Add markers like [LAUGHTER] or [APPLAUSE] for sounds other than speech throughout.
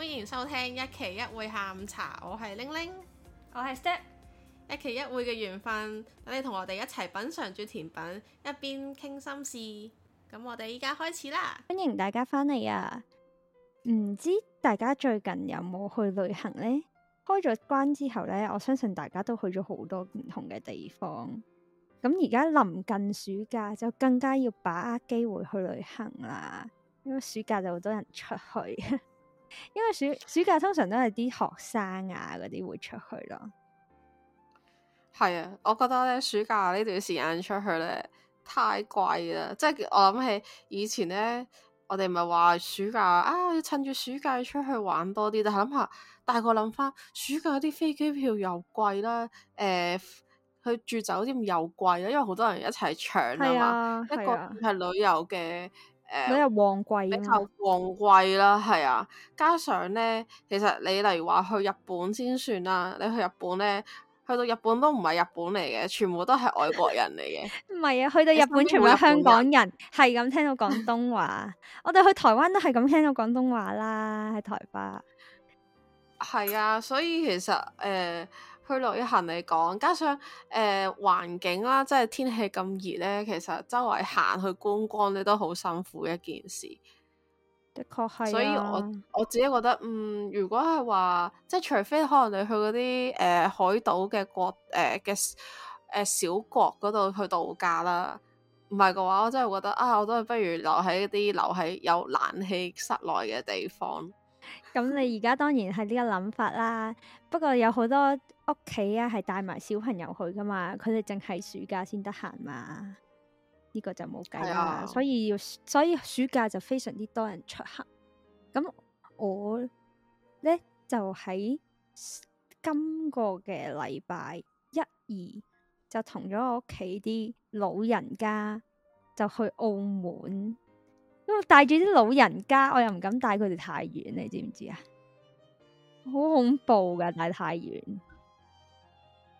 歡迎收聽一期一會下午茶，我係玲玲，我係 Step，一期一會嘅緣分，等你同我哋一齊品嘗住甜品，一邊傾心事。咁我哋依家開始啦，歡迎大家翻嚟啊！唔知大家最近有冇去旅行呢？開咗關之後呢，我相信大家都去咗好多唔同嘅地方。咁而家臨近暑假，就更加要把握機會去旅行啦，因為暑假就好多人出去。 [LAUGHS] 因為暑暑假通常都係啲學生啊嗰啲會出去咯。係啊，我覺得咧暑假呢段時間出去咧太貴啦，即係我諗起以前咧，我哋咪話暑假啊，要趁住暑假,出去玩多啲，但係諗下大概諗翻，暑假啲飛機票又貴啦，誒、呃，去住酒店又貴啦，因為好多人一齊搶啊嘛，一個係旅遊嘅。誒、嗯、比較旺季、嗯、啦，係啊，加上呢，其實你例如話去日本先算啦，你去日本呢，去到日本都唔係日本嚟嘅，全部都係外國人嚟嘅。唔係 [LAUGHS] 啊，去到日本 [LAUGHS] 全部香港人，係咁 [LAUGHS] 聽到廣東話。 [LAUGHS] 我哋去台灣都係咁聽到廣東話啦，喺台北。係 [LAUGHS] 啊，所以其實誒。呃去落一行嚟講，加上誒、呃、環境啦，即係天氣咁熱咧，其實周圍行去觀光咧都好辛苦一件事。的確係、啊，所以我我自己覺得，嗯，如果係話，即係除非可能你去嗰啲誒海島嘅國誒嘅誒小國嗰度去度假啦，唔係嘅話，我真係覺得啊，我都係不如留喺一啲留喺有冷氣室內嘅地方。咁你而家當然係呢個諗法啦，不過有好多屋企啊，係帶埋小朋友去噶嘛，佢哋淨係暑假先得閒嘛，呢、呢個就冇計啦。啊、所以要所以暑假就非常之多人出行。咁我咧就喺今個嘅禮拜一二就同咗我屋企啲老人家就去澳門。因為帶住啲老人家，我又唔敢帶佢哋太遠，你知唔知啊？好恐怖噶帶太遠。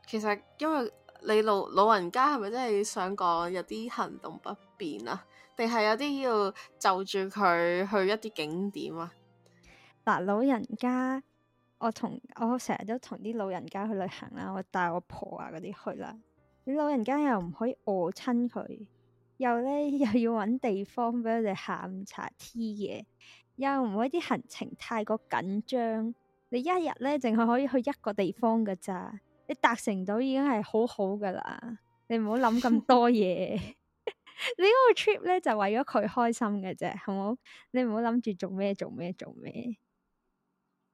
其實因為你老老人家係咪真係想講有啲行動不便啊？定係有啲要就住佢去一啲景點啊？嗱，老人家，我同我成日都同啲老人家去旅行啦，我帶我婆啊嗰啲去啦。你老人家又唔可以餓親佢。又咧又要搵地方俾佢哋下午茶。T 嘅，又唔會啲行程太過緊張。你一日咧淨係可以去一個地方噶咋？你達成到已經係好好噶啦。你唔 [LAUGHS] [LAUGHS] 好諗咁多嘢。你嗰個 trip 咧就為咗佢開心嘅啫，好，冇？你唔好諗住做咩做咩做咩。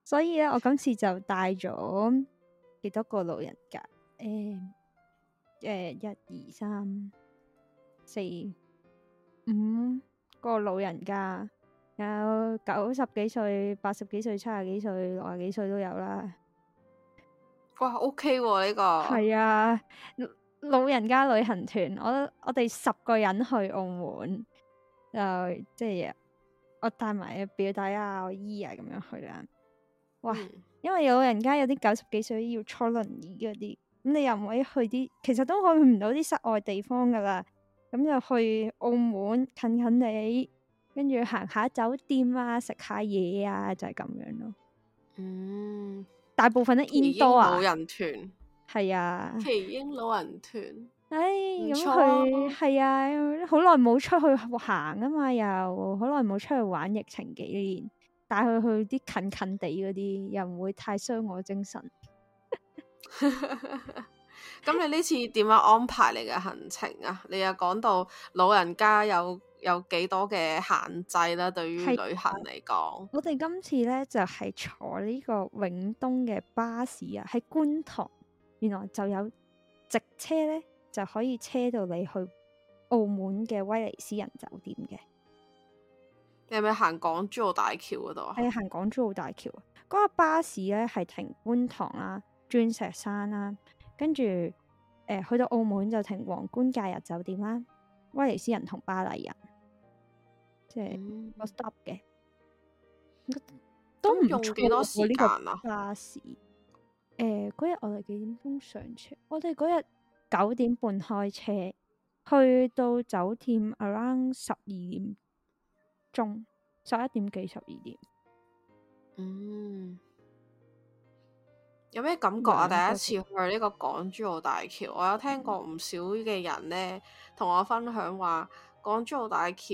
所以咧，我今次就帶咗幾多個老人家。誒、欸，誒、欸，一、二、三。四五個老人家，有九十幾歲、八十幾歲、七十幾歲、六十幾歲都有啦。哇，OK 呢、啊這個係啊，老人家旅行團，我我哋十個人去澳門，就即係我帶埋表弟啊，我姨啊咁樣去啦。喂，嗯、因為老人家有啲九十幾歲要坐輪椅嗰啲，咁你又唔可以去啲，其實都去唔到啲室外地方㗎啦。咁就去澳門近近地，跟住行下酒店啊，食下嘢啊，就係、是、咁樣咯。嗯，大部分都 indoor 啊，老人團係啊，奇英老人團。唉，咁去係啊，好耐冇出去行啊嘛，又好耐冇出去玩，疫情幾年，帶佢去啲近近地嗰啲，又唔會太傷我精神。 [LAUGHS] [LAUGHS] 咁你呢次點樣安排你嘅行程啊？你又講到老人家有有幾多嘅限制啦，對於旅行嚟講，我哋今次咧就係、是，坐呢個永東嘅巴士啊，喺觀塘，原來就有直車咧，就可以車到你去澳門嘅威尼斯人酒店嘅。你係咪行港珠澳大橋嗰度啊？係行港珠澳大橋嗰、那個巴士咧，係停觀塘啦、啊、鑽石山啦、啊。跟住，誒、呃、去到澳門就停皇冠假日酒店啦，威尼斯人同巴黎人，即係我 stop 嘅，都唔用幾多時間啊？個巴士，誒嗰日我哋幾點鐘上車？我哋嗰日九點半開車，去到酒店 around 十二點鐘，十一點幾十二點。嗯。有咩感覺啊？我第一次去呢個港珠澳大橋，我有聽過唔少嘅人咧，同我分享話港珠澳大橋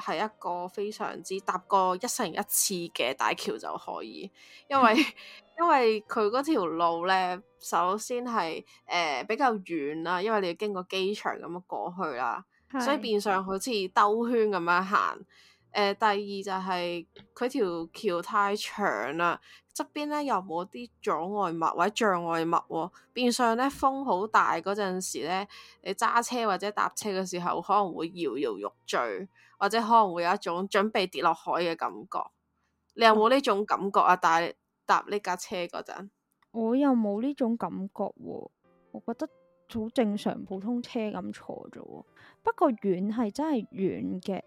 係一個非常之搭過一生一次嘅大橋就可以，因為因為佢嗰條路咧，首先係誒、呃、比較遠啦，因為你要經過機場咁樣過去啦，是所以變相好似兜圈咁樣行。誒、呃，第二就係、是、佢條橋太長啦、啊，側邊咧又冇啲阻礙物或者障礙物喎、啊，變相咧風好大嗰陣時咧，你揸車或者搭車嘅時候可能會搖搖欲墜，或者可能會有一種準備跌落海嘅感覺。你有冇呢種感覺啊？但係、嗯、搭呢架車嗰陣，我又冇呢種感覺喎，我覺得好正常，普通車咁坐咗喎。不過遠係真係遠嘅。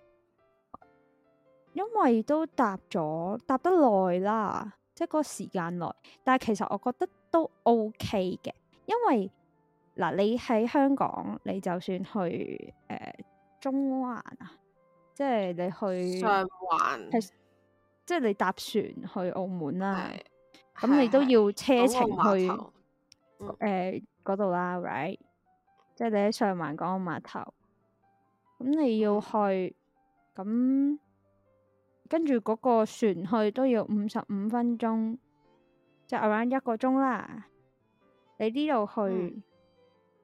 因為都搭咗，搭得耐啦，即係個時間耐。但係其實我覺得都 O K 嘅，因為嗱，你喺香港，你就算去誒中環啊，即係你去上環，係即係你搭船去澳門啦。咁你都要車程去誒嗰度啦，right？即係你喺上環港澳碼頭，咁你要去咁。跟住嗰個船去都要五十五分鐘，就玩一個鐘啦。你呢度去誒、嗯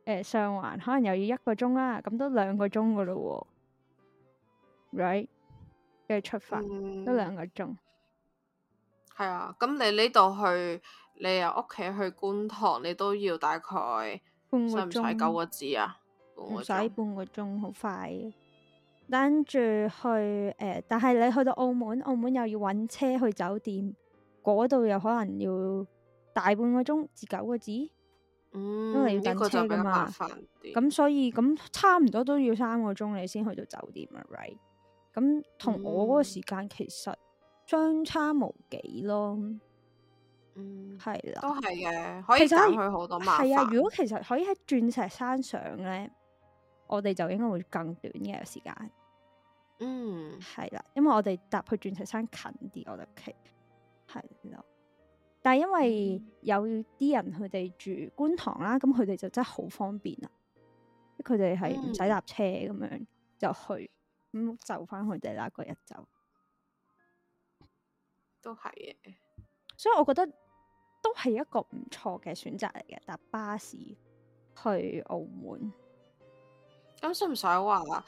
呃、上環，可能又要一個鐘啦，咁都兩個鐘噶咯喎，Right？跟住出發、嗯、都兩個鐘。係啊，咁你呢度去，你由屋企去觀塘，你都要大概，半個鐘，使唔使九個字啊？唔使半個鐘，好快、啊。跟住去誒、呃，但係你去到澳門，澳門又要揾車去酒店，嗰度又可能要大半個鐘至九個字，嗯，因為要等車噶嘛。咁所以咁差唔多都要三個鐘你先去到酒店，right？咁同我嗰個時間其實相差無幾咯。嗯，係、嗯、啦，都係嘅，可以去好多。係啊，啊，如果其實可以喺鑽石山上呢。我哋就應該會更短嘅時間，嗯，係啦，因為我哋搭去鑽石山近啲，我就企係咯。但係因為有啲人佢哋住觀塘啦，咁佢哋就真係好方便啊！佢哋係唔使搭車咁、嗯、樣就去，咁就翻佢哋啦。嗰日就都係嘅，所以我覺得都係一個唔錯嘅選擇嚟嘅，搭巴士去澳門。咁需唔需要話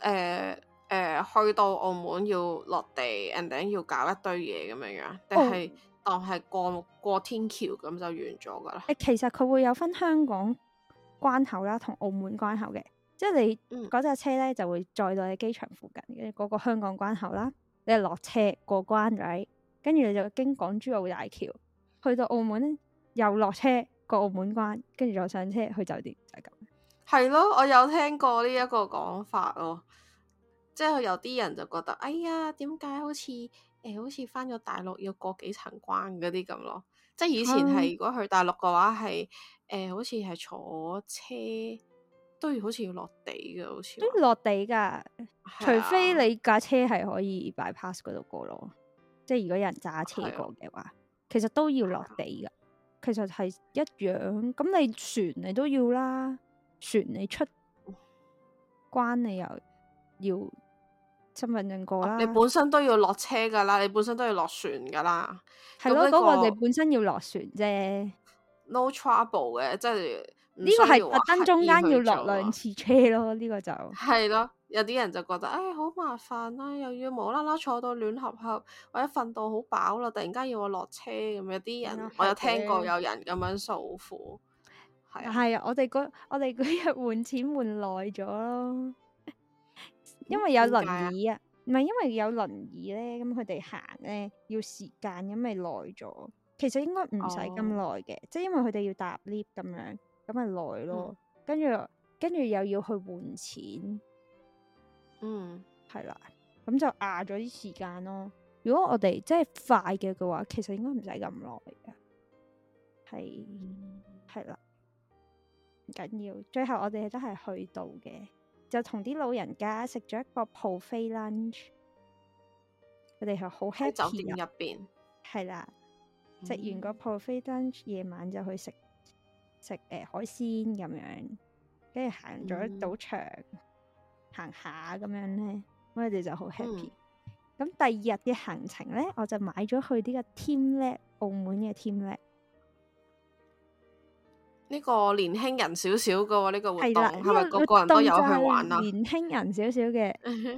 誒誒去到澳門要落地 and then 要搞一堆嘢咁樣樣，定係當係過、oh. 過，過天橋咁就完咗噶啦？誒，其實佢會有分香港關口啦，同澳門關口嘅，即、就、係、是、你嗰隻車咧、mm. 就會載到喺機場附近嘅嗰、那個香港關口啦，你落車過關仔，跟、right? 住你就經港珠澳大橋去到澳門又落車過澳門關，跟住再上車去酒店就係、是、咁。係咯，我有聽過呢一個講法咯，即係有啲人就覺得，哎呀，點解好似誒、呃，好似返咗大陸要過幾層關嗰啲咁咯？即係以前係如果去大陸嘅話，係誒、呃，好似係坐車都要，都要好似要落地嘅，好似都落地噶，除非你架車係可以 bypass 嗰度過咯，的即係如果有人揸車過嘅話，的其實都要落地噶，的其實係一樣咁，你船你都要啦。船你出關你又要身份證過啦，啊、啦，你本身都要落車噶啦，你本身都要落船噶啦，係咯、這個，嗰個你本身要落船啫。No trouble 嘅，即係呢個係特登中間要落兩次車咯，呢、這個就係咯。有啲人就覺得唉，好、哎、麻煩啦、啊，又要無啦啦坐到暖合合或者瞓到好飽啦，突然間要我落車咁，有啲人我有聽過有人咁樣訴苦。係啊，啊我哋嗰我哋日換錢換耐咗咯 [LAUGHS] 因、啊，因為有輪椅啊，唔係因為有輪椅咧，咁佢哋行咧要時間，咁咪耐咗。其實應該唔使咁耐嘅，哦、即係因為佢哋要搭 lift 咁樣，咁咪耐咯。跟住跟住又要去換錢，嗯，係啦，咁就壓咗啲時間咯。如果我哋即係快嘅嘅話，其實應該唔使咁耐嘅，係係啦。緊要，最後我哋都係去到嘅，就同啲老人家食咗一個 buffet lunch。我哋係好 happy，酒店入邊係啦，食、啊嗯、完個 buffet lunch，夜晚就去食食誒海鮮咁樣，跟住行咗一賭場、嗯、行下咁樣咧，我哋就好 happy。咁、嗯、第二日嘅行程咧，我就買咗去呢個 TeamLab 澳門嘅 TeamLab。呢個年輕人少少嘅喎，呢、這個活動係咪個個人都有去玩啊？年輕人少少嘅，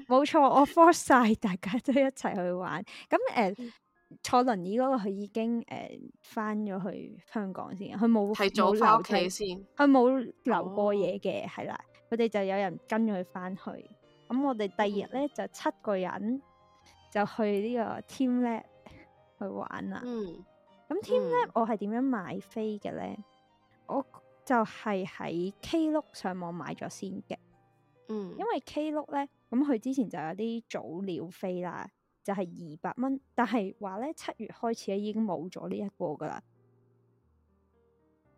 冇錯， [LAUGHS] 我 force 晒大家都一齊去玩。咁誒，呃、 [LAUGHS] 坐輪椅嗰、那個佢已經誒翻咗去香港先，佢冇係早返屋企先，先，佢冇留過嘢嘅，係啦、哦。佢哋就有人跟咗佢翻去。咁我哋第二日咧就七個人就去呢個 TeamLab 去玩啦。咁、嗯、TeamLab、嗯、我係點樣買飛嘅咧？我就係喺 K 祿上網買咗先嘅，嗯、因為 K 祿呢，咁佢之前就有啲早鳥飛啦，就係二百蚊，但係話呢，七月開始已經冇咗呢一個噶啦，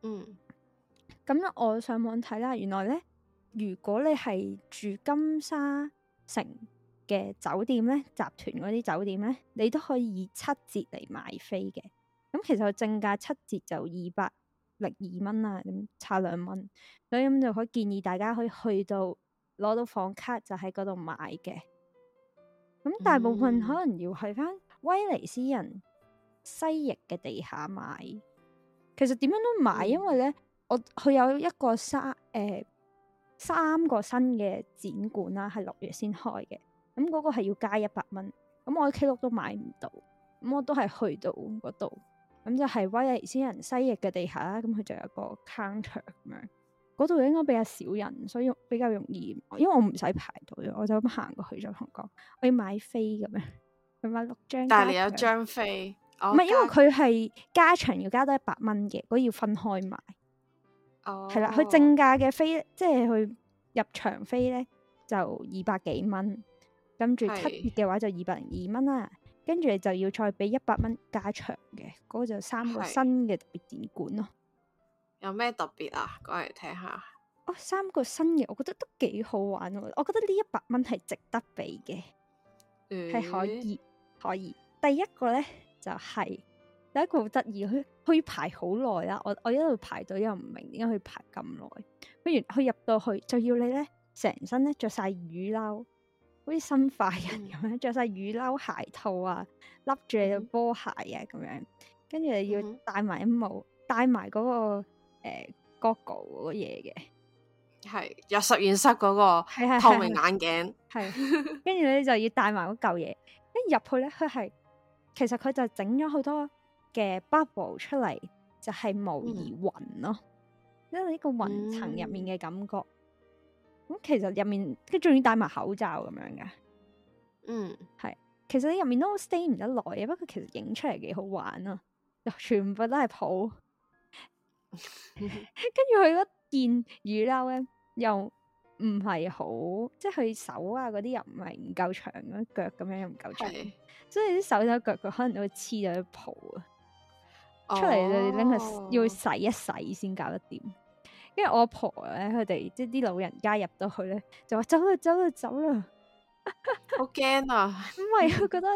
咁、嗯、我上網睇啦，原來呢，如果你係住金沙城嘅酒店呢，集團嗰啲酒店呢，你都可以以七折嚟買飛嘅，咁其實佢正價七折就二百零二蚊啦，咁差兩蚊，所以咁、嗯、就可以建議大家可以去到攞到房卡就喺嗰度買嘅。咁大部分可能要去翻威尼斯人西翼嘅地下買。其實點樣都買，因為咧我佢有一個三誒、欸、三個新嘅展館啦，係六月先開嘅。咁、那、嗰個係要加一百蚊，咁我喺 k 屋都買唔到，咁我都係去到嗰度。咁、嗯、就係威尼斯人西翼嘅地下啦，咁佢就有個 counter 咁樣，嗰度應該比較少人，所以比較容易。因為我唔使排隊，我就咁行過去就同佢講，我要買飛咁樣，樣，要買六張。但係你有張飛，唔係樣、哦、因為佢係加場要加多一百蚊嘅，嗰、那個、要分開買。哦，係啦，佢正價嘅飛，哦、即係去入場飛咧，就二百幾蚊。跟住七月嘅話就二百零二蚊啦。跟住就要再俾一百蚊加長嘅，嗰、那個就三個新嘅特別展館咯。有咩特別啊？講嚟聽下。哦，三個新嘅，我覺得都幾好玩。我覺得呢一百蚊係值得俾嘅，係、嗯、可以可以。第一個呢，就係、是、第一個好得意，佢佢排好耐啦。我我一路排隊又唔明點解佢排咁耐。不如佢入到去就要你呢成身呢着晒雨褸。好似生化人咁樣，着晒雨褸、鞋套啊，笠住你隻波鞋啊，咁樣，跟住你要戴埋一帽，戴埋嗰個、呃、goggle 嗰個嘢嘅，係入實驗室嗰個透明眼鏡，係，跟住咧就要戴埋嗰嚿嘢， [LAUGHS] 一入去咧佢係，其實佢就整咗好多嘅 bubble 出嚟，就係、是、模擬雲咯，因為呢個雲層入面嘅感覺。咁其實入面佢仲要戴埋口罩咁樣噶，嗯係，其實你入面都 stay 唔得耐嘅，不過佢其實影出嚟幾好玩咯，全部都係泡， [LAUGHS] 跟住佢嗰件雨褸咧又唔係好，即係佢手啊嗰啲又唔係唔夠長，腳咁樣又唔夠長，是所以啲手手腳腳可能都黐咗啲泡啊，哦、出嚟就拎佢要洗一洗先搞得掂。因為我阿婆咧，佢哋即係啲老人家入到去咧，就話走啦，走啦，走啦， [LAUGHS] 好驚啊！唔係，佢覺得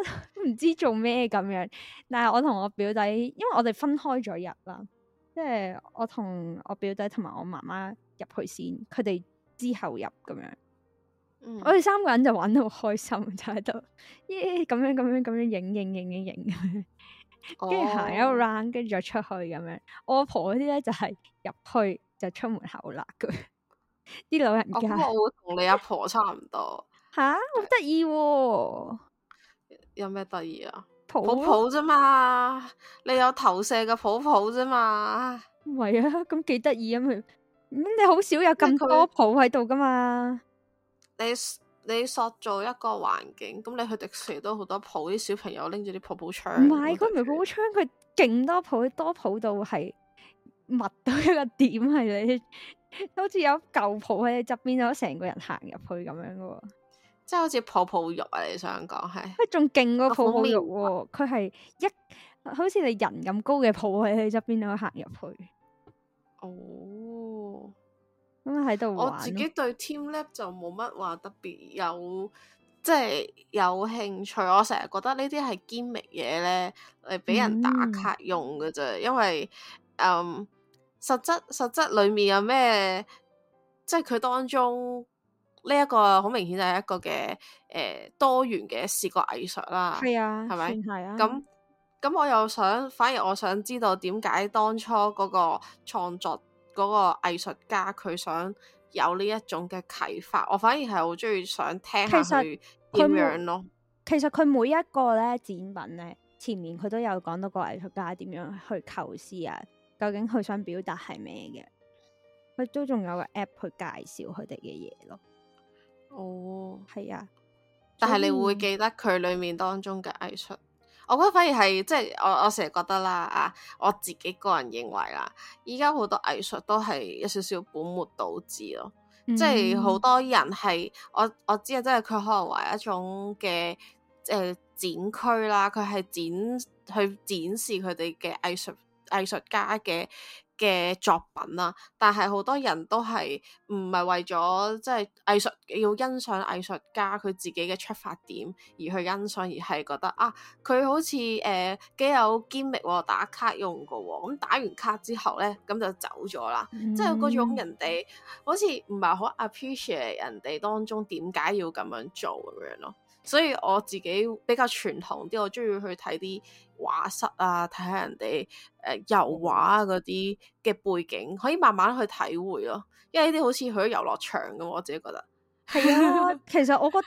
唔 [LAUGHS] 知做咩咁樣。但係我同我表弟，因為我哋分開咗入啦，即係我同我表弟同埋我媽媽入去先去，佢哋之後入咁樣。嗯、我哋三個人就玩得好開心，就喺度咦咁樣咁樣咁樣影影影影影，跟住行一個 round，跟住就出去咁樣。Oh. 我阿婆嗰啲咧就係、是、入去。就出門口啦，佢 [LAUGHS] 啲老人家。我同你阿婆差唔多。吓，好得意，有咩得意啊？泡泡啫嘛，你有投射嘅泡泡啫嘛。唔係啊，咁幾得意啊佢咁、嗯、你好少有咁多泡喺度噶嘛？你你塑造一個環境，咁你去迪士尼都好多泡，啲小朋友拎住啲泡泡槍。唔係 My God,，佢唔係泡泡槍，佢勁多泡，多泡到係。密到一個點係你，好似有舊泡喺你側邊度，成個人行入去咁樣噶喎，即係好似泡泡浴啊！你想講係？佢仲勁過泡泡浴喎，佢係一好似你人咁高嘅泡喺你側邊度行入去。哦，咁喺度。我自己對 TeamLab 就冇乜話特別有，即係有興趣。我成日覺得呢啲係 gimmick 嘢咧，係俾人打卡用㗎啫。因為，嗯。實質實質裏面有咩？即係佢當中呢、這個、一個好明顯就係一個嘅誒多元嘅視覺藝術啦。係啊，係咪吧？係啊。咁咁，我又想，反而我想知道點解當初嗰個創作嗰個藝術家佢想有呢一種嘅啟發？我反而係好中意想聽下佢點樣咯。其實佢每一個咧展品咧，前面佢都有講到個藝術家點樣去構思啊。究竟佢想表達係咩嘅？佢都仲有個 app 去介紹佢哋嘅嘢咯。哦，係啊，但係你會記得佢裏面當中嘅藝術？我覺得反而係即係我我成日覺得啦啊，我自己個人認為啦，依家好多藝術都係一少少本末倒置咯，嗯、即係好多人係我我知啊，即係佢可能話一種嘅誒、呃、展區啦，佢係展去展示佢哋嘅藝術。藝術家嘅嘅作品啦，但係好多人都係唔係為咗即係藝術要欣賞藝術家佢自己嘅出發點而去欣賞，而係覺得啊，佢好似誒幾有堅力喎，打卡用㗎喎，咁、嗯、打完卡之後咧，咁就走咗啦，即係嗰種人哋好似唔係好 appreciate 人哋當中點解要咁樣做咁樣咯。所以我自己比較傳統啲，我中意去睇啲畫室啊，睇下人哋誒油畫嗰啲嘅背景，可以慢慢去體會咯。因為呢啲好似去咗遊樂場咁，我自己覺得係啊。 [LAUGHS] 其實我覺得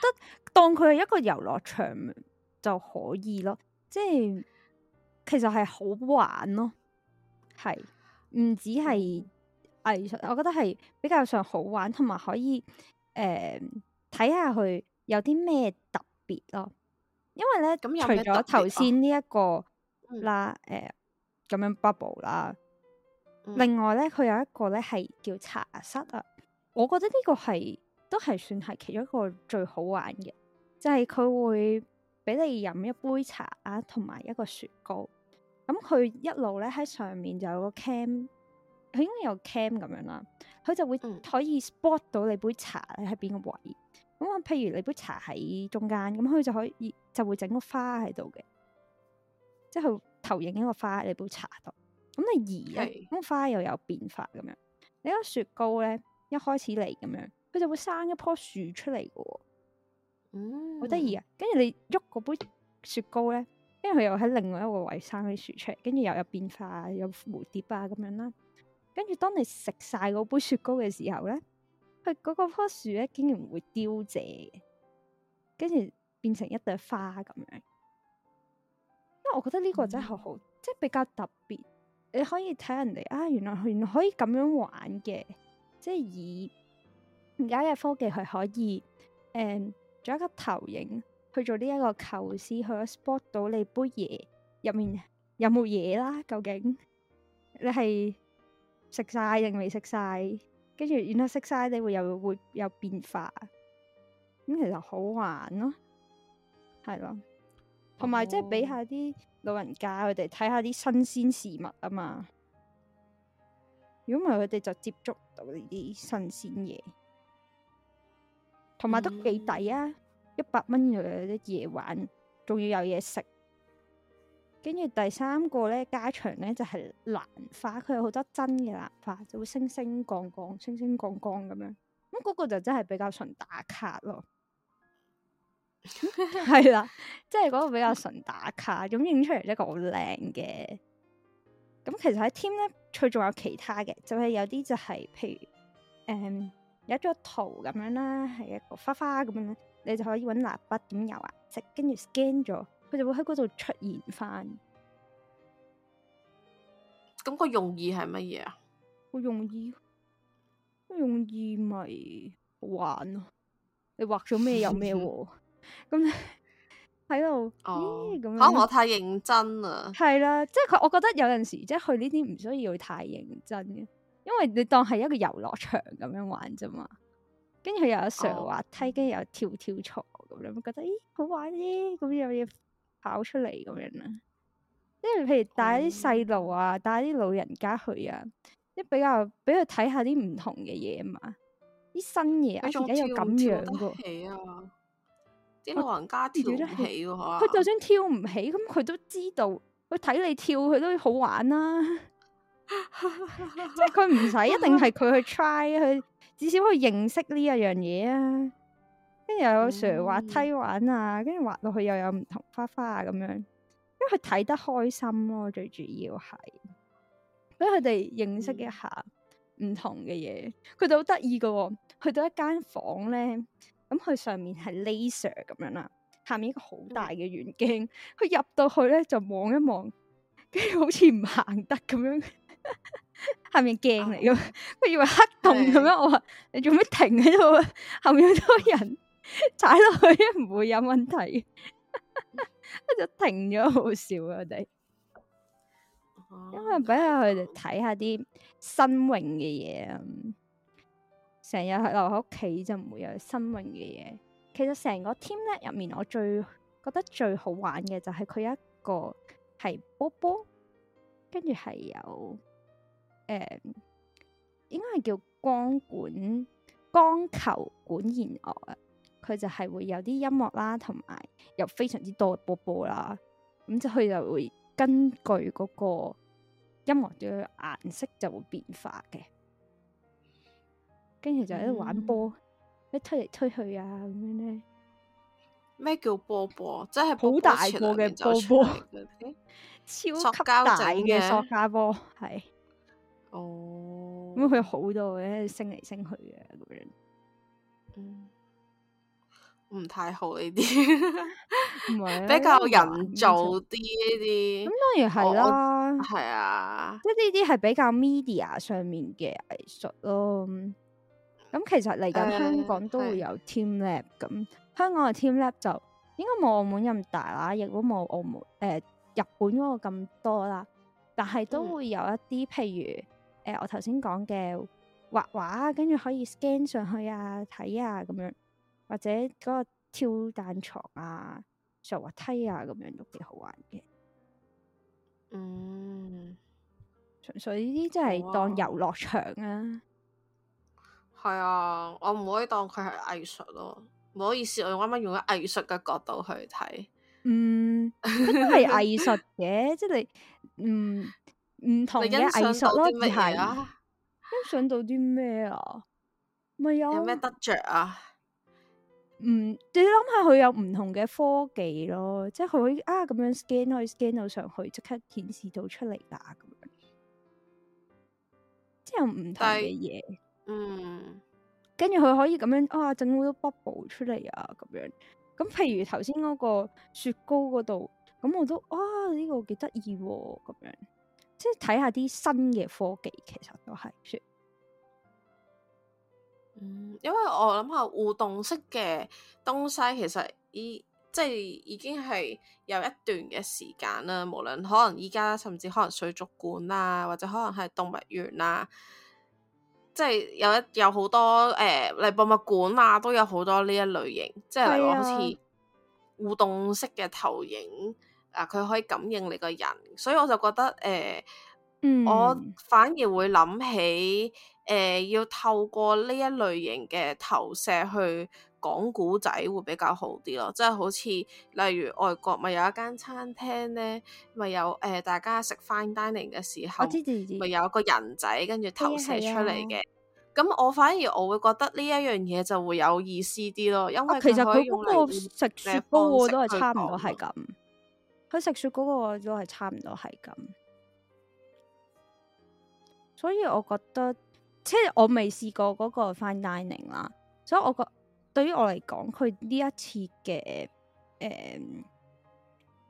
當佢係一個遊樂場就可以咯，即係其實係好玩咯。係唔止係藝術，我覺得係比較上好玩，同埋可以誒睇、呃、下佢有啲咩特別咯，因為咧，嗯、除咗頭先呢一個啦，誒、嗯，咁、呃、樣 bubble 啦，嗯、另外咧，佢有一個咧係叫茶室啊，我覺得呢個係都係算係其中一個最好玩嘅，就係、是、佢會俾你飲一杯茶啊，同埋一個雪糕，咁、嗯、佢一路咧喺上面就有個 cam，佢應該有 cam 咁樣啦，佢就會可以 spot 到你杯茶喺邊個位。咁啊、嗯，譬如你杯茶喺中間，咁、嗯、佢就可以就會整個花喺度嘅，即係佢投影一個花喺你杯茶度。咁你移啊，咁花又有變化咁樣。你個雪糕咧，一開始嚟咁樣，佢就會生一棵樹出嚟嘅。嗯，好得意啊！跟住你喐嗰杯雪糕咧，跟住佢又喺另外一個位生啲樹出嚟。跟住又有變化，有蝴蝶啊咁樣啦。跟住當你食晒嗰杯雪糕嘅時候咧。佢嗰個棵樹咧，竟然唔會凋謝嘅，跟住變成一朵花咁樣。因為我覺得呢個真係好，好、嗯，即係比較特別。你可以睇人哋啊，原來原來可以咁樣玩嘅，即係以而家嘅科技係可以誒做一個投影去做呢一個透視，去 spot 到你杯嘢入面有冇嘢啦？究竟你係食晒定未食晒？跟住然後識晒，你會又會有變化，咁、嗯、其實好玩咯、啊，係咯，同埋即係俾下啲老人家佢哋睇下啲新鮮事物啊嘛，如果唔係佢哋就接觸到呢啲新鮮嘢，同埋都幾抵啊，一百蚊左右嘅嘢玩，仲要有嘢食。跟住第三個咧，加長咧就係、是、蘭花，佢有好多真嘅蘭花，就會星星槓槓、星星槓槓咁樣。咁、那、嗰個就真係比較純打卡咯，係啦，即係嗰個比較純打卡。咁影出嚟一個好靚嘅。咁其實喺 team 咧，佢仲有其他嘅，就係、是、有啲就係、是、譬如誒、呃、有一張圖咁樣啦，係一個花花咁樣，你就可以揾蠟筆點油啊，即跟住 scan 咗。佢就會喺嗰度出現翻。咁個用意係乜嘢啊？好用意用意咪玩咯。你畫咗咩有咩？咁喺度，咦、欸？吓我太認真啦！係啦，即係佢，我覺得有陣時即係、就是、去呢啲唔需要太認真嘅，因為你當係一個遊樂場咁樣玩啫嘛。跟住佢又有上滑、哦、梯，跟住有跳跳槽，咁你咪覺得咦、欸、好玩啫？咁又要～跑出嚟咁樣啦，因為譬如帶啲細路啊，帶啲老人家去啊，即係比較俾佢睇下啲唔同嘅嘢嘛，啲新嘢啊，而家有咁樣嘅、啊。啲、啊、老人家跳，起、啊啊、跳得起佢就算跳唔起，咁佢都知道，佢睇你跳，佢都好玩啦、啊。 [LAUGHS] [LAUGHS] [LAUGHS] 即係佢唔使一定係佢去 try，去至少去認識呢一樣嘢啊。又有雪滑梯玩啊，跟住滑落去又有唔同花花啊。咁樣，因為佢睇得開心咯，最主要係俾佢哋認識一下唔同嘅嘢。佢哋好得意噶，去到一間房咧，咁佢上面係 laser 咁樣啦，下面一個大圓看一看好大嘅圓鏡，佢入到去咧就望一望，跟住好似唔行得咁樣， [LAUGHS] 下面鏡嚟噶，佢、oh, okay. 以為黑洞咁 Yeah. 樣。我話你做咩停喺度啊？後面好多人。踩落 [LAUGHS] 去唔會有問題 [LAUGHS] 就，一直停咗好笑啊！我哋、嗯、因為俾佢哋睇下啲新穎嘅嘢啊，成、嗯、日留喺屋企就唔會有新穎嘅嘢。其實成個 TeamLab 入面我，我最覺得最好玩嘅就係佢一個係波波，跟住係有誒、嗯，應該係叫光管光球管絃樂啊。佢就係會有啲音樂啦，同埋有，有非常之多嘅波波啦。咁就佢就會根據嗰個音樂嘅顏色就會變化嘅。跟住就喺度玩波，一、嗯、推嚟推去啊咁樣咧。咩叫波波？真係好大個嘅波波， [LAUGHS] 超級大嘅塑膠波係。是哦，咁佢好多嘅，升嚟升去嘅咁樣。唔太好呢啲， [LAUGHS] 比較人造啲呢啲。咁 [MUSIC] 當然係啦，係啊，即係呢啲係比較 media 上面嘅藝術咯。咁其實嚟緊香港都會有 TeamLab，咁、呃、香港嘅 TeamLab 就應該冇澳門咁大啦，亦都冇澳門誒、呃、日本嗰個咁多啦。但係都會有一啲、嗯、譬如誒、呃、我頭先講嘅畫畫，跟住可以 scan 上去啊睇啊咁樣。或者嗰個跳彈床啊、上滑梯啊咁樣都幾好玩嘅。嗯，純粹呢啲真係當遊樂場啊。係、 [LAUGHS] 嗯、啊，我唔可以當佢係藝術咯。唔好意思，我啱啱用咗藝術嘅角度去睇。嗯，咁係藝術嘅，即係，嗯，唔同嘅藝術咯。係啊，欣賞到啲咩啊？咪有？有咩得着啊？唔、嗯，你諗下佢有唔同嘅科技咯，即係佢可以啊咁樣 scan 去 scan 到上去，上顯即刻顯示到出嚟啦，咁樣即係有唔同嘅嘢，嗯，跟住佢可以咁樣啊整好多 bubble 出嚟啊，咁、啊、樣，咁譬如頭先嗰個雪糕嗰度，咁我都啊呢、這個幾得意咁樣，即係睇下啲新嘅科技，其實都係。嗯，因為我諗下互動式嘅東西，其實依即係已經係有一段嘅時間啦。無論可能依家，甚至可能水族館啊，或者可能係動物園啦、啊，即係有一有好多誒，例、呃、博物館啊，都有好多呢一類型，即係例好似互動式嘅投影啊，佢可以感應你個人，所以我就覺得誒，呃嗯、我反而會諗起。誒，要透過呢一類型嘅投射去講古仔會比較好啲咯，即係好似例如外國咪有一間餐廳咧，咪有誒大家食 fine dining 嘅時候，咪有一個人仔跟住投射出嚟嘅。咁、啊啊、我反而我會覺得呢一樣嘢就會有意思啲咯，因為、啊、其實佢嗰個食個、啊、個雪糕都係差唔多係咁，佢食雪糕個都係差唔多係咁，所以我覺得。即係我未試過嗰個 fine dining 啦，所以我覺對於我嚟講，佢呢一次嘅誒、嗯、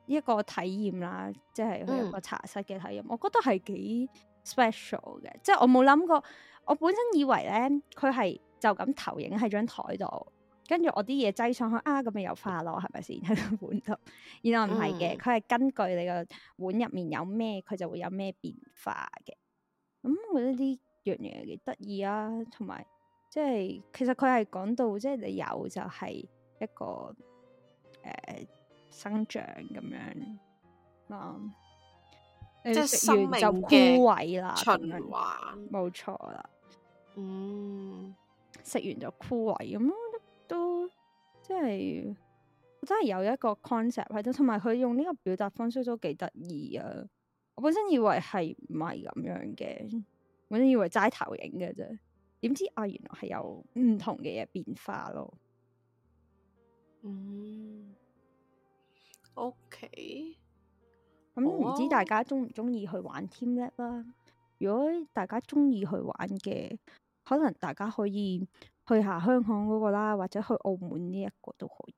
一個體驗啦，即係佢個茶室嘅體驗，嗯、我覺得係幾 special 嘅。即、就、係、是、我冇諗過，我本身以為咧，佢係就咁投影喺張台度，跟住我啲嘢擠上去啊，咁咪又化咯，係咪先喺個碗度？ [LAUGHS] 原來唔係嘅，佢係、嗯、根據你個碗入面有咩，佢就會有咩變化嘅。咁、嗯、我呢啲。樣嘢幾得意啊，同埋即係其實佢係講到即係你有就係一個誒、呃、生長咁樣啊，即係是食、嗯、完就枯萎啦，循環冇錯啦。嗯，食完就枯萎咁、嗯、都即係真係有一個 concept 喺度，同埋佢用呢個表達方式都幾得意啊。我本身以為係唔係咁樣嘅。嗯我真以為齋投影嘅啫，點知啊，原來係有唔同嘅嘢變化咯。嗯，OK。咁唔知大家中唔中意去玩 TeamLab 啦？如果大家中意去玩嘅，可能大家可以去下香港嗰個啦，或者去澳門呢一個都可以。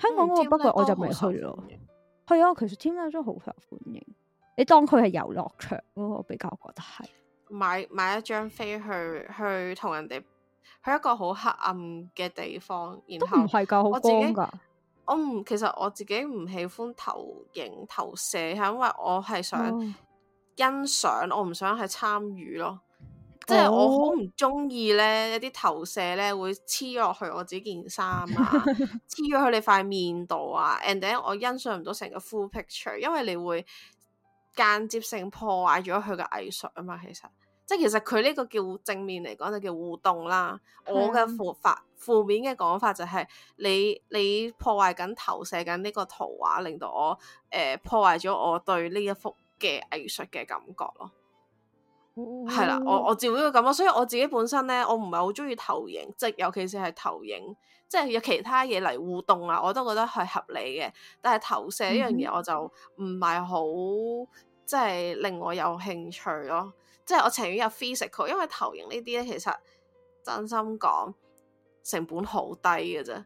香港嗰個不過我就未去咯。係啊，其實 TeamLab 都好受歡迎。你當佢係遊樂場咯，我比較覺得係買買一張飛去去同人哋去一個好黑暗嘅地方，然後我自己都唔係㗎，好光㗎。我唔其實我自己唔喜歡投影投射，係因為我係想欣賞，oh. 我唔想係參與咯。即係我好唔中意咧一啲投射咧會黐落去我自己件衫啊，黐咗喺你塊面度啊，and then 我欣賞唔到成個 full picture，因為你會。間接性破壞咗佢嘅藝術啊嘛，其實即係其實佢呢個叫正面嚟講就叫互動啦。 [NOISE] 我嘅負法負面嘅講法就係、係、你你破壞緊投射緊呢個圖畫，令到我誒、呃、破壞咗我對呢一幅嘅藝術嘅感覺咯。係 [NOISE] 啦，我我照呢個感覺。所以我自己本身咧，我唔係好中意投影，即尤其是係投影，即係有其他嘢嚟互動啊，我都覺得係合理嘅。但係投射呢樣嘢我就唔係好。 [NOISE] 即係令我有興趣咯，哦，即係我情願有 physical，因為投影呢啲咧，其實真心講成本好低嘅啫。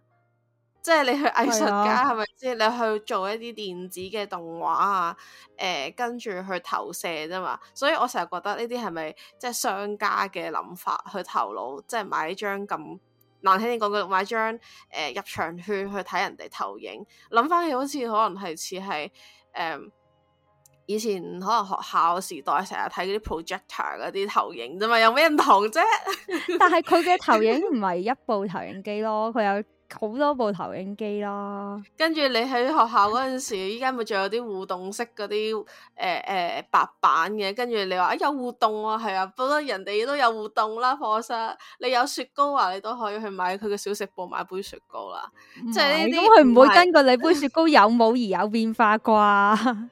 即係你去藝術家係咪即先？你去做一啲電子嘅動畫啊，誒、呃、跟住去投射啫嘛。所以我成日覺得呢啲係咪即係商家嘅諗法？去頭腦即係買一張咁難聽啲講句，買張誒、呃、入場券去睇人哋投影。諗翻起好似可能係似係誒。呃以前可能學校時代成日睇嗰啲 projector 嗰啲投影啫嘛，有咩唔同啫？ [LAUGHS] 但係佢嘅投影唔係一部投影機咯，佢有好多部投影機咯。跟住你喺學校嗰陣時，依家咪仲有啲互動式嗰啲誒誒白板嘅。跟住你話啊、欸、有互動啊，係啊，不過人哋都有互動啦、啊。課室你有雪糕啊，你都可以去買佢嘅小食部買杯雪糕啦。即係你啲，咁佢唔會根據你杯雪糕有冇而有變化啩？ [LAUGHS]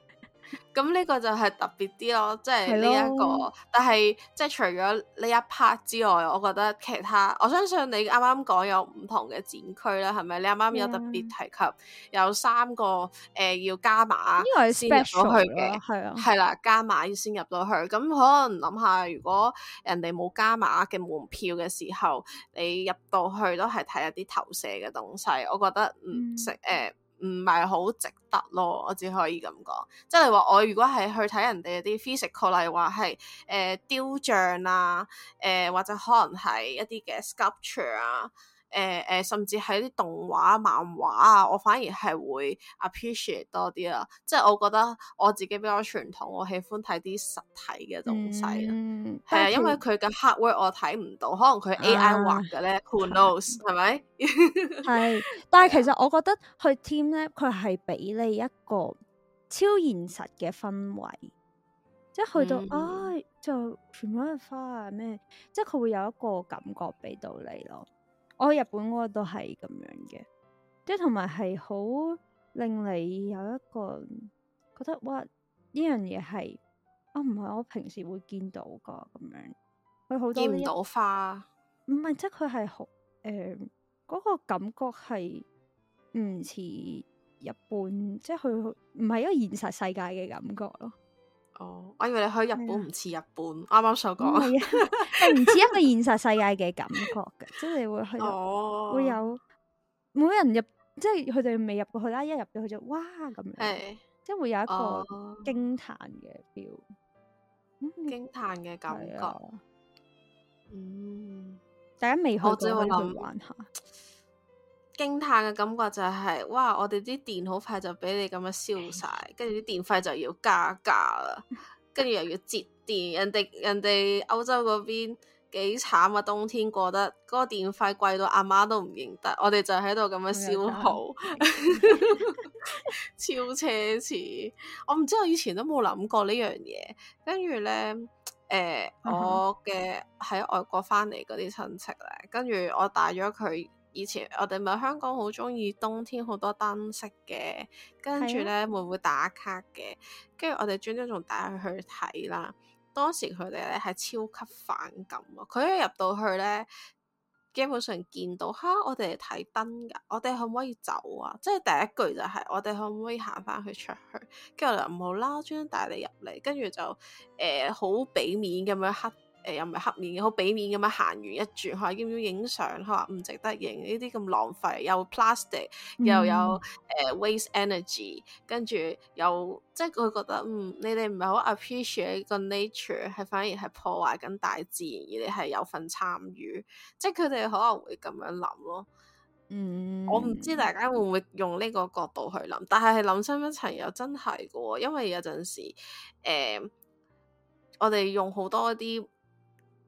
咁呢、嗯，這個就係特別啲咯，即係呢一個。 [NOISE] 但係即係除咗呢一 part 之外，我覺得其他，我相信你啱啱講有唔同嘅展區啦，係咪？你啱啱有特別提及 Yeah. 有三個誒、呃、要加碼先入到去嘅，係啊，係啦，加碼先入到去。咁可能諗下，如果人哋冇加碼嘅門票嘅時候，你入到去都係睇一啲投射嘅東西，我覺得唔食誒。嗯 [NOISE] 唔係好值得咯，我只可以咁講。即係你話我如果係去睇人哋啲 physical 例如話係誒雕像啊，誒、呃、或者可能係一啲嘅 sculpture 啊。誒誒、呃，甚至係啲動畫、漫畫啊，我反而係會 appreciate 多啲啦。即係我覺得我自己比較傳統，我喜歡睇啲實體嘅東西。係啊、嗯，是因為佢嘅 hard work 我睇唔到，可能佢 AI 畫嘅咧，who knows？係咪？係。但係其實我覺得去 team 咧，佢係俾你一個超現實嘅氛圍，嗯、即係去到，啊，就全開花啊咩？嗯、即係佢會有一個感覺俾到你咯。我喺日本嗰個都係咁樣嘅，即係同埋係好令你有一個覺得哇呢樣嘢係啊唔係我平時會見到噶咁樣，佢好多見唔到花，唔係即係佢係好誒嗰個感覺係唔似日本，即係佢唔係一個現實世界嘅感覺咯。哦，我以為你去日本唔似日本，啱啱所講，係唔似一個現實世界嘅感覺嘅，即係 [LAUGHS] 你會去，哦、會有每個人入，即係佢哋未入過去啦，一入到去就哇咁樣，係的、哦、即係會有一個驚嘆嘅 feel，驚嘆嘅感覺，嗯，嗯大家未去過可以去玩下。驚嘆嘅感覺就係、是，哇！我哋啲電好快就俾你咁樣燒晒，跟住啲電費就要加價啦，跟住、嗯、又要節電。人哋人哋歐洲嗰邊幾慘啊，冬天過得嗰、那個電費貴到阿媽都唔認得。我哋就喺度咁樣消耗，嗯、 [LAUGHS] 超奢侈。我唔知我以前都冇諗過呢樣嘢，跟住咧，誒，我嘅喺外國翻嚟嗰啲親戚咧，跟住我帶咗佢。以前我哋咪香港好中意冬天好多燈飾嘅，跟住咧、啊、會唔會打卡嘅，跟住我哋專登仲帶佢去睇啦。當時佢哋咧係超級反感啊！佢一入到去咧，基本上見到吓，我哋係睇燈㗎，我哋可唔可以走啊？即係第一句就係、是、我哋可唔可以行翻去出去？跟住我哋唔好啦，專登帶你入嚟，跟住就誒好俾面咁樣黑。誒、呃、又唔係黑面嘅，好俾面咁樣行完一轉，佢話要唔要影相？佢話唔值得影，呢啲咁浪費，又 plastic，又有誒、嗯呃、waste energy，跟住又即係佢覺得，嗯，你哋唔係好 appreciate 個 nature，係反而係破壞緊大自然，而你係有份參與，即係佢哋可能會咁樣諗咯、啊。嗯，我唔知大家會唔會用呢個角度去諗，但係諗深一層又真係嘅，因為有陣時誒、呃，我哋用好多啲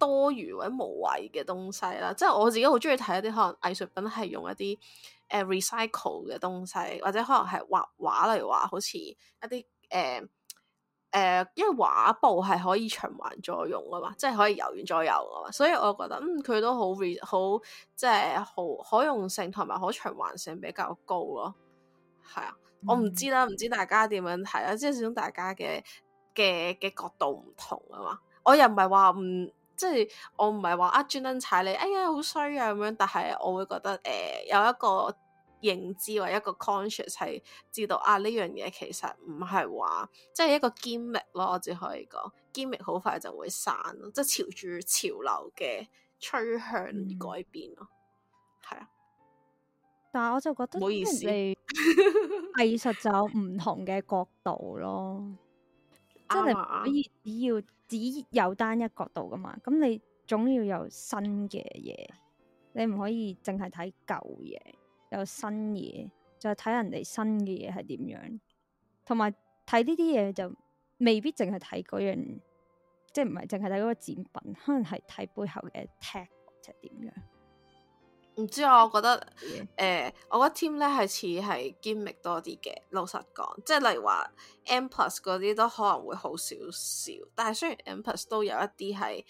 多餘或者無謂嘅東西啦，即係我自己好中意睇一啲可能藝術品係用一啲誒、uh, recycle 嘅東西，或者可能係畫畫，例如好似一啲誒誒，uh, uh, 因為畫布係可以循環再用啊嘛，即係可以油完再油啊嘛，所以我覺得嗯，佢都好 re 好，即係好可用性同埋可循環性比較高咯。係啊，嗯、我唔知啦，唔知大家點樣睇啦，即係始終大家嘅嘅嘅角度唔同啊嘛，我又唔係話唔～即係我唔係話啊專登踩你，哎呀好衰啊咁樣，但係我會覺得誒、呃、有一個認知或一個 conscious 係知道啊呢樣嘢其實唔係話即係一個 gimmick 咯，我只可以講 gimmick 好快就會散咯，即係朝住潮流嘅趨向而改變咯，係、嗯、啊。但係我就覺得唔好意思，藝 [LAUGHS] 術就有唔同嘅角度咯。真係唔可以，只要只有單一角度噶嘛？咁你總要有新嘅嘢，你唔可以淨係睇舊嘢，有新嘢就係睇人哋新嘅嘢係點樣，同埋睇呢啲嘢就未必淨係睇嗰樣，即係唔係淨係睇嗰個展品，可能係睇背後嘅 tag 或者點樣。唔知啊，我覺得誒 Yeah.、呃，我覺得 team 咧係似係 gimmick 力多啲嘅。老實講，即係例如話 M+ 嗰啲都可能會好少少，但係雖然 M+ 都有一啲係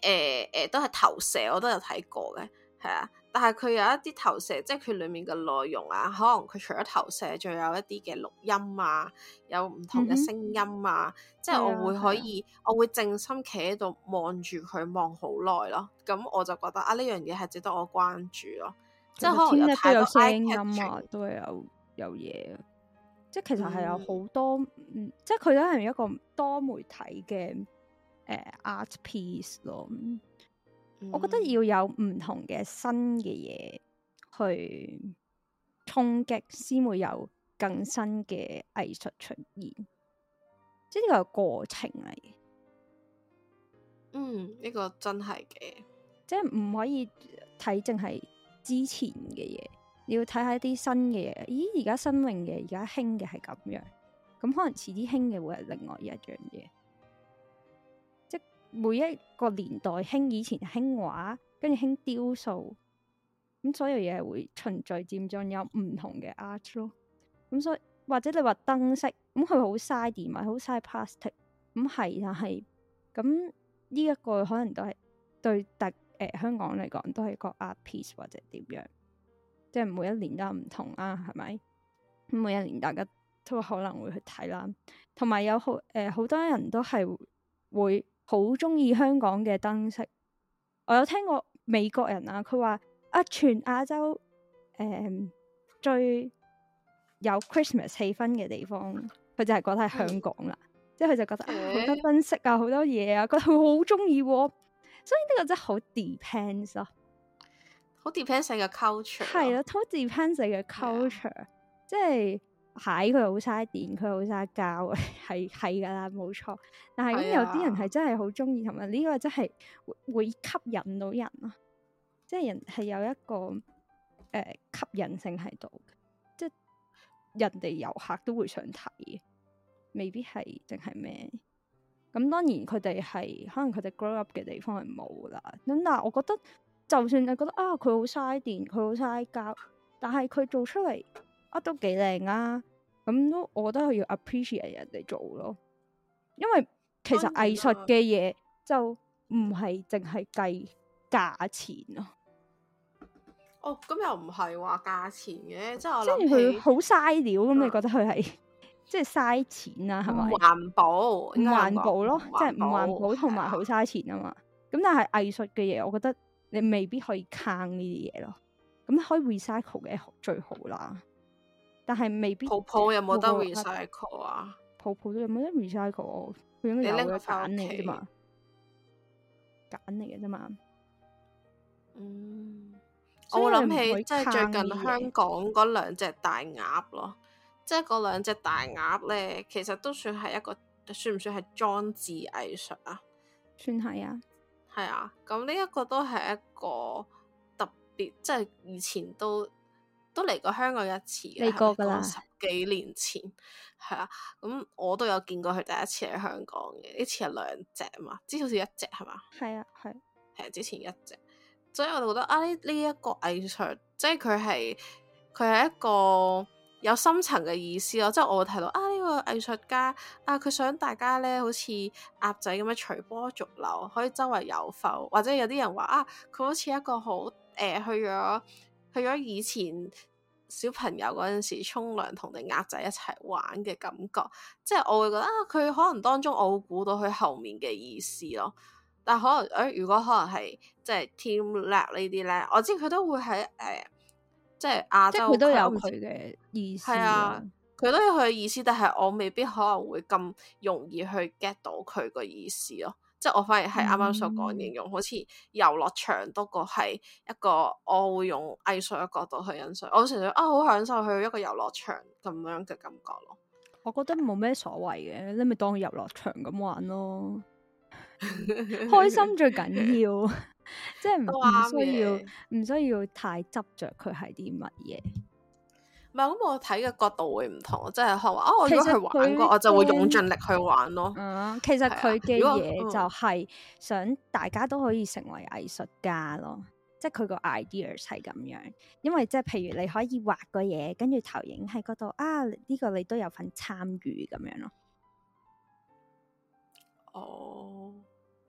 誒誒，都係投射，我都有睇過嘅，係啊。但係佢有一啲投射，即係佢裏面嘅內容啊，可能佢除咗投射，仲有一啲嘅錄音啊，有唔同嘅聲音啊，嗯、哼即係我會可以，嗯嗯、我會靜心企喺度望住佢望好耐咯。咁我就覺得啊，呢樣嘢係值得我關注咯。即係可能有太多聲音啊，啊都係有有嘢，啊，即係其實係有好多，嗯嗯、即係佢都係一個多媒體嘅、uh, art piece 咯。我覺得要有唔同嘅新嘅嘢去衝擊，先會有更新嘅藝術出現。即係呢個係過程嚟嘅。嗯，呢個真係嘅，即係唔可以睇淨係之前嘅嘢，你要睇下一啲新嘅嘢。咦，而家新穎嘅，而家興嘅係咁樣，咁可能遲啲興嘅會係另外一樣嘢。每一個年代興以前興畫，跟住興雕塑，咁所有嘢係會循序漸進有唔同嘅 art 咯。咁所以或者你話燈飾，咁佢好嘥電嘛，好嘥 plastic，咁係，但係咁呢一個可能都係對特誒、呃、香港嚟講都係個 art piece 或者點樣，即係每一年都有唔同啊，係咪？每一年大家都可能會去睇啦，同埋有好誒好多人都係會。好中意香港嘅燈飾，我有聽過美國人啊，佢話啊，全亞洲誒、嗯、最有 Christmas 氣氛嘅地方，佢就係覺得係香港啦。嗯、即係佢就覺得好、嗯、多燈飾啊，好多嘢啊，覺得佢好中意喎。所以呢個真係好 depends 咯、啊，好 depends 嘅 culture 係咯，好、 [NOISE] 啊、depends 嘅 culture，Yeah. 即係。蟹佢好嘥電，佢好嘥膠，係係㗎喇，冇錯。但係咁有啲人係真係好鍾意，同埋呢個真係會,會吸引到人咯、啊。即係人係有一個誒、呃、吸引性喺度，即係人哋遊客都會想睇嘅，未必係淨係咩。咁當然佢哋係可能佢哋 grow up 嘅地方係冇啦。咁但係我覺得，就算你覺得啊，佢好嘥電，佢好嘥膠，但係佢做出嚟。都啊，都幾靚啊！咁都，我覺得佢要 appreciate 人哋做咯，因為其實藝術嘅嘢，就唔係淨係計價錢咯。哦，咁又唔係話價錢嘅，即係我諗佢好嘥料，咁你覺得佢係、嗯、即係嘥錢啊？係咪？環保，環保咯，環保咯，即係唔環保同埋好嘥錢啊嘛。咁吧但係藝術嘅嘢，我覺得你未必可以坑呢啲嘢咯。咁可以 recycle 嘅最好啦。但係未必，抱抱有冇得 recycle 啊？抱抱都有冇得 recycle？佢，啊、應該就係個蛋嚟嘅啫嘛，蛋嚟嘅啫嘛。雖然 我諗起即係最近香港嗰兩隻大鴨咯，嗯、即係嗰兩隻大鴨咧，其實都算係一個，算唔算係裝置藝術啊？算係啊，係啊。咁呢一個都係一個特別，即係以前都。都嚟過香港一次，嚟過噶啦，十幾年前，係啊，咁我都有見過佢第一次喺香港嘅，呢次有兩隻啊嘛，之前好似一隻係嘛？係啊，係，係之前一隻，所以我就覺得啊呢呢一個藝術，即係佢係佢係一個有深層嘅意思咯，即係我會睇到啊呢個藝術家啊佢想大家咧好似鴨仔咁樣隨波逐流，可以周圍遊浮，或者有啲人話啊佢好似一個好誒呃去咗。去咗以前小朋友嗰陣時沖涼同啲鴨仔一齊玩嘅感覺，即係我會覺得佢、啊、可能當中我會估到佢後面嘅意思咯。但可能誒、呃，如果可能係即係 TeamLab 呢啲咧，我知佢都會喺誒、呃，即係亞洲，都有佢嘅意思，係啊，佢都有佢嘅意思，但係我未必可能會咁容易去 get 到佢個意思咯。即係我反而係啱啱所講形容，嗯、好似遊樂場，多過係一個我會用藝術嘅角度去欣賞。我成日啊，好、哦、享受去一個遊樂場咁樣嘅感覺咯。我覺得冇咩所謂嘅，你咪當遊樂場咁玩咯， [LAUGHS] 開心最緊要， [LAUGHS] [LAUGHS] 即係唔需要唔需要太執着佢係啲乜嘢。唔係咁，我睇嘅角度會唔同，即係話哦。我如果去玩過，我就會用盡力去玩咯。嗯，其實佢嘅嘢就係想大家都可以成為藝術家咯，即係佢個 ideas 係咁樣。因為即係譬如你可以畫個嘢，跟住投影喺嗰度啊，呢個你都有份參與咁樣咯。哦，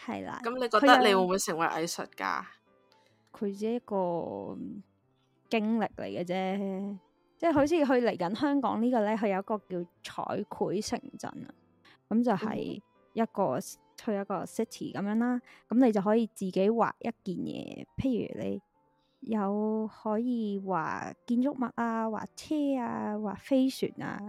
係啦。咁你覺得你會唔會成為藝術家？佢只一個經歷嚟嘅啫。即係好似去嚟緊香港個呢個咧，佢有一個叫彩繪城鎮啊，咁就係一個、嗯、去一個 city 咁樣啦。咁你就可以自己畫一件嘢，譬如你有可以畫建築物啊，畫車啊，畫飛船啊。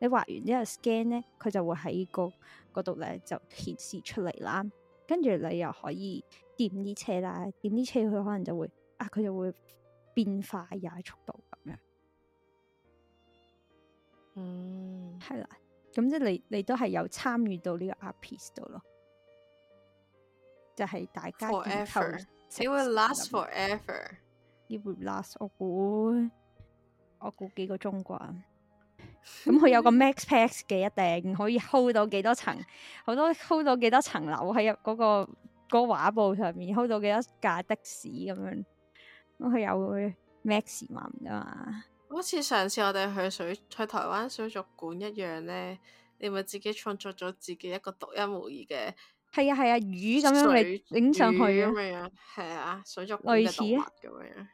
你畫完之後 scan 咧，佢就會喺、嗰個度咧，就顯示出嚟啦。跟住你又可以掂啲車啦，掂啲車佢可能就會啊，佢就會變化啊速度。嗯，係啦，咁即係你，你都係有參與到呢個 Art Piece 度咯，就係、是、大家以後 Forever. 想，It will last forever。It last 我估我估幾個鐘啩。咁佢有個 Max pack 嘅一定可以 hold 到幾多層，好 [LAUGHS] 多 hold 到幾多層樓喺入嗰個嗰畫、那個、布上面 hold 到幾多架的士咁樣，咁佢有 Max 文噶嘛。好似上次我哋去水去台灣水族館一樣呢，你咪自己創作咗自己一個獨一無二嘅係啊係啊魚咁樣嚟影上去咁樣，係啊水族館嘅動物咁樣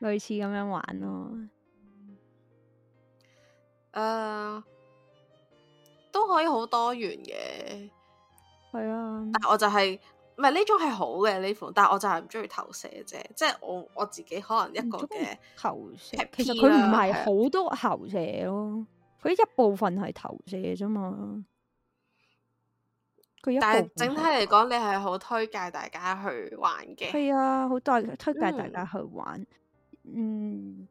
類似咁樣玩咯、啊。誒，uh, 都可以好多元嘅，係啊，但我就係。唔係呢種係好嘅呢款，但係我就係唔中意投射啫，即係我我自己可能一個嘅投射。其實佢唔係好多投射咯，佢的一部分係投射啫嘛。但係整體嚟講，射你係好推介大家去玩嘅。係啊，好多推介大家去玩。嗯。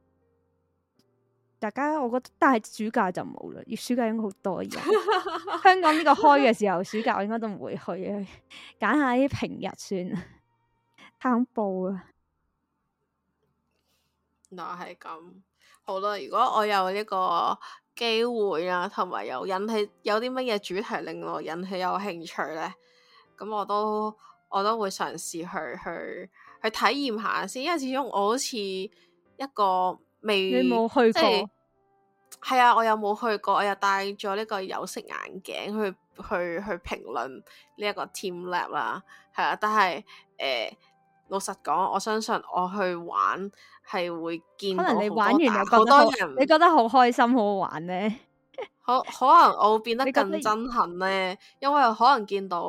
大家，我覺得，但係暑假就冇啦。而暑假應該好多人， [LAUGHS] 香港呢個開嘅時候， [LAUGHS] 暑假我應該都唔會去啊，揀下啲平日算。太恐怖啦！嗱，係咁。好啦，如果我有呢個機會啦，同埋有引起有啲乜嘢主題令我引起有興趣咧，咁我都我都會嘗試去去去體驗下先。因為始終我好似一個未，你冇去過。係啊，我又冇去過，我又戴咗呢個有色眼鏡去去去評論呢一個 TeamLab 啦，係啊，但係誒、欸，老實講，我相信我去玩係會見到好多、多人好，你覺得好開心好玩呢，可 [LAUGHS] 可能我會變得更憎恨呢，因為可能見到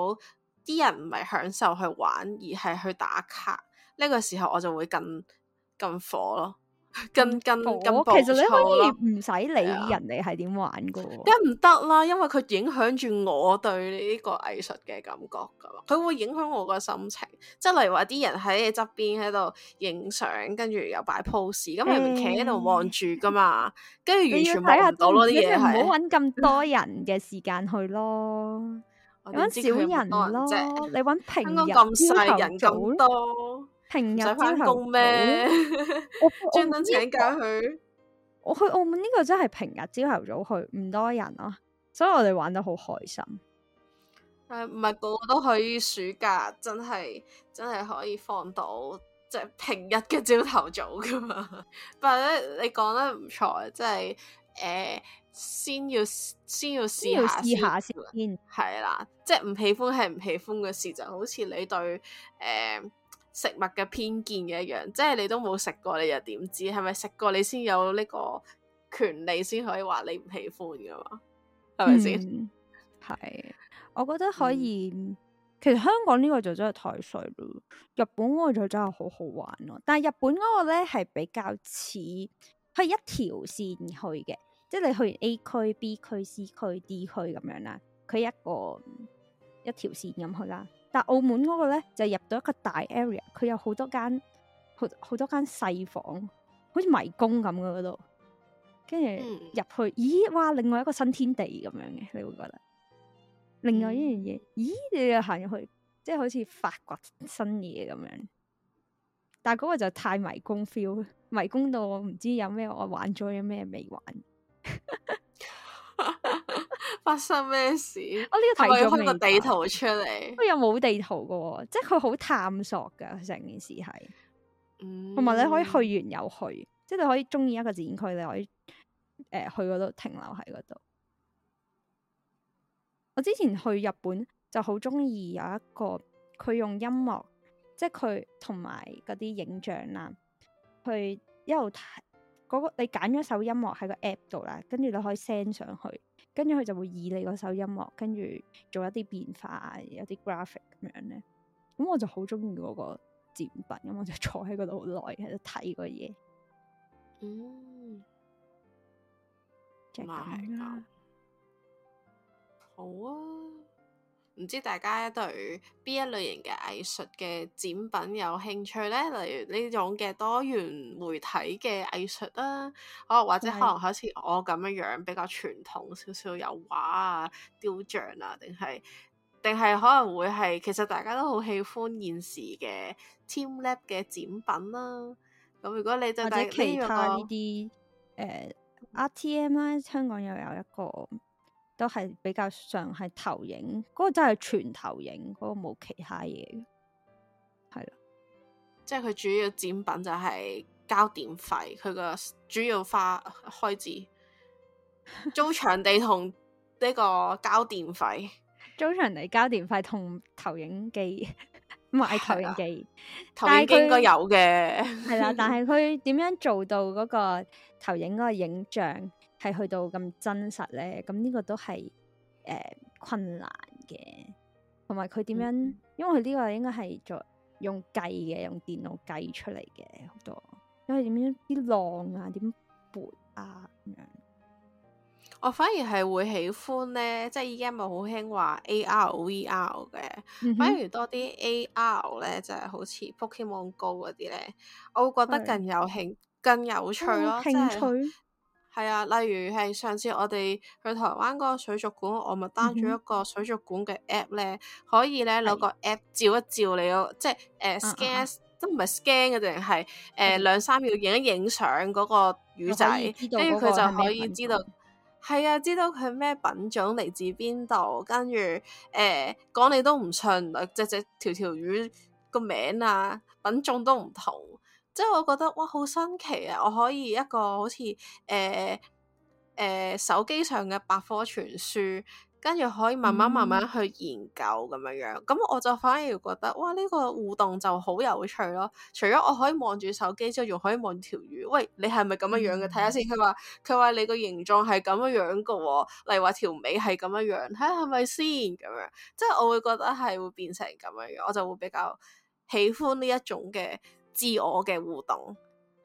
啲人唔係享受去玩，而係去打卡，呢、這個時候我就會更更火咯。更更更，其實你可以唔使理人哋係點玩噶，梗唔得啦，因為佢影響住我對呢個藝術嘅感覺噶，佢會影響我個心情。即係例如話啲人喺你側邊喺度影相，跟住又擺 pose，咁你唔企喺度望住噶嘛？跟住完全睇唔到咯。啲唔好搵咁多人嘅時間去咯，揾少 [LAUGHS] 人，人咯，你揾平日咁細人咁多，多。 [LAUGHS] 平日朝頭早， [LAUGHS] 我專登、這個、 [LAUGHS] 請假去。我去澳門呢個真係平日朝頭早去，唔多人咯、啊，所以我哋玩得好開心。誒、啊，唔係個個都可以暑假真係真係可以放到，即、就、係、是、平日嘅朝頭早噶嘛？但係咧，你講得唔錯，即係誒，先要先要試下試下先，係啦，即係唔喜歡係唔喜歡嘅事，就好似你對誒。呃食物嘅偏見嘅一樣，即係你都冇食過，你又點知？係咪食過你先有呢個權利，先可以話你唔喜歡噶嘛？係咪先？係， [LAUGHS] 我覺得可以。嗯，其實香港呢個就真係太水啦。日本嗰個就真係好好玩咯。但係日本嗰個咧係比較似係一條線去嘅，即係你去完 A 區、B 區、C 區、D 區咁樣啦，佢一個一條線咁去啦。但澳門嗰個咧就入到一個大 area，佢有好多間，好好多，多間細房，好似迷宮咁嘅嗰度。跟住入去，咦？哇！另外一個新天地咁樣嘅，你會覺得另外一樣嘢，咦？你又行入去，即係好似發掘新嘢咁樣。但係嗰個就太迷宮 feel，迷宮到我唔知有咩我玩咗有咩未玩。 [LAUGHS] 發生咩事？哦這個，我呢個可以開個地圖出嚟，我又冇地圖噶，哦，即係佢好探索噶成件事係，同埋，嗯、你可以去完又去，即係你可以中意一個展區，你可以誒、呃、去嗰度停留喺嗰度。我之前去日本就好中意有一個佢用音樂，即係佢同埋嗰啲影像啦，啊，佢一路睇嗰個你揀咗首音樂喺個 app 度啦，跟住你可以 send 上去。跟住佢就會以你嗰首音樂，跟住做一啲變化，有啲 graphic 咁樣咧。咁、嗯、我就好中意嗰個展品，咁、嗯、我就坐喺嗰度好耐，喺度睇個嘢。嗯，即係咁啊！好啊。唔知大家對邊一類型嘅藝術嘅展品有興趣呢？例如呢種嘅多元媒體嘅藝術啦、啊，哦、啊，或者可能好似我咁樣樣比較傳統的少少，有畫啊、雕像啊，定係定係可能會係其實大家都好喜歡現時嘅 TeamLab 嘅展品啦、啊。咁、啊、如果你對其他呢啲誒 RTM i 香港又有一個。都係比較上係投影，嗰個真係全投影，嗰個冇其他嘢嘅，係啦。即係佢主要展品就係交電費，佢個主要花開支租場地同呢個交電費，租場 [LAUGHS] 地交電費同投影機買 [LAUGHS] 投影機，的投影機應該有嘅，係 [LAUGHS] 啦。但係佢點樣做到嗰個投影嗰個影像？係去到咁真實咧，咁、這、呢個都係誒困難嘅，同埋佢點樣？嗯、哼因為呢個應該係做用計嘅，用電腦計出嚟嘅好多。因為點樣啲浪啊，點撥啊咁樣。我反而係會喜歡咧，即係依家咪好興話 A R V R 嘅，嗯、哼反而多啲 A R 咧就係、是、好似 Pokemon Go 嗰啲咧，我會覺得更有興、的更有趣咯、哦，即係。係啊，例如係上次我哋去台灣嗰個水族館，我咪 down 咗一個水族館嘅 app 咧，嗯、哼可以咧攞個 app 照一照你個，是即係誒、uh, scan、uh huh. 都唔係 scan 嘅，定係誒兩三秒影一影相嗰個魚仔，跟住佢就可以知道，係啊，知道佢咩品種嚟自邊度，跟住誒講你都唔信，只隻條條魚個名啊品種都唔同。即係我覺得哇，好新奇啊！我可以一個好似誒誒手機上嘅百科全書，跟住可以慢慢慢慢去研究咁樣樣。咁、嗯、我就反而覺得哇，呢、呢個互動就好有趣咯。除咗我可以望住手機之外，仲可以望條魚。喂，你係咪咁樣樣嘅？睇下、嗯、先。佢話佢話你個形狀係咁樣樣噶、哦，例如話條尾係咁樣樣，睇下係咪先咁樣。即係我會覺得係會變成咁樣樣，我就會比較喜歡呢一種嘅。自我嘅互動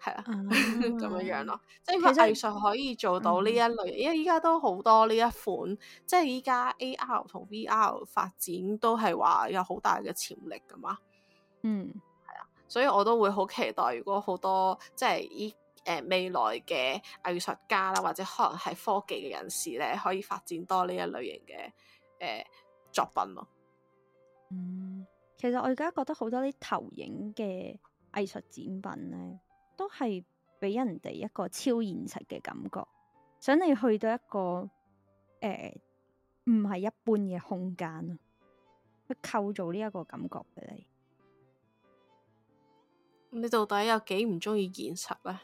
係啊，咁 [LAUGHS] 樣樣、啊、咯，即係其實藝術可以做到呢一類，嗯、因為依家都好多呢一款，即係依家 AR 同 VR 發展都係話有好大嘅潛力噶嘛。嗯，係啊，所以我都會好期待，如果好多即係依誒未來嘅藝術家啦，或者可能係科技嘅人士咧，可以發展多呢一類型嘅誒、呃、作品咯。嗯，其實我而家覺得好多啲投影嘅藝術展品咧，都係俾人哋一個超現實嘅感覺，想你去到一個誒唔係一般嘅空間啊，去構造呢一個感覺俾你，你到底有幾唔中意現實啊？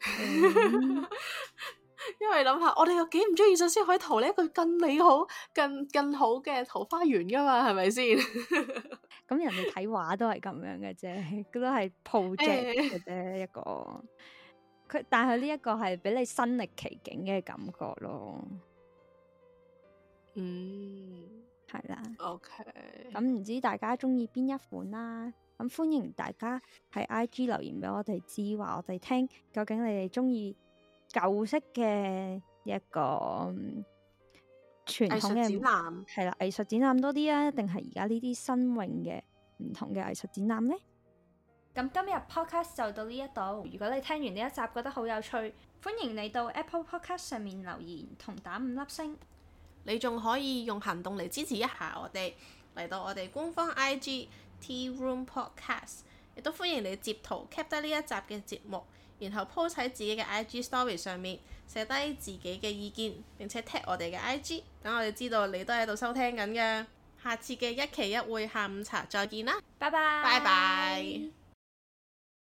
嗯、 [LAUGHS] 因為諗下，我哋有幾唔中意，首先可以逃呢一個更美好、更更好嘅桃花源噶嘛，係咪先？ [LAUGHS] 咁人哋睇畫都係咁樣嘅啫，佢都係 project 嘅一個，佢但係呢一個係俾你身歷其境嘅感覺咯。嗯，係啦。OK。咁唔知大家中意邊一款啦？咁歡迎大家喺 IG 留言俾我哋知，話我哋聽究竟你哋中意舊式嘅一個。傳統嘅展覽係啦，藝術展覽多啲啊，定係而家呢啲新穎嘅唔同嘅藝術展覽呢？咁今日 podcast 就到呢一度。如果你聽完呢一集覺得好有趣，歡迎你到 Apple Podcast 上面留言同打五粒星。你仲可以用行動嚟支持一下我哋，嚟到我哋官方 IG Tea Room Podcast，亦都歡迎你截圖 keep 得呢一集嘅節目，然後 post 喺自己嘅 IG Story 上面。寫低自己嘅意見，並且 tag 我哋嘅 IG，等我哋知道你都喺度收聽緊㗎。下次嘅一期一會下午茶，再見啦，拜拜。拜拜。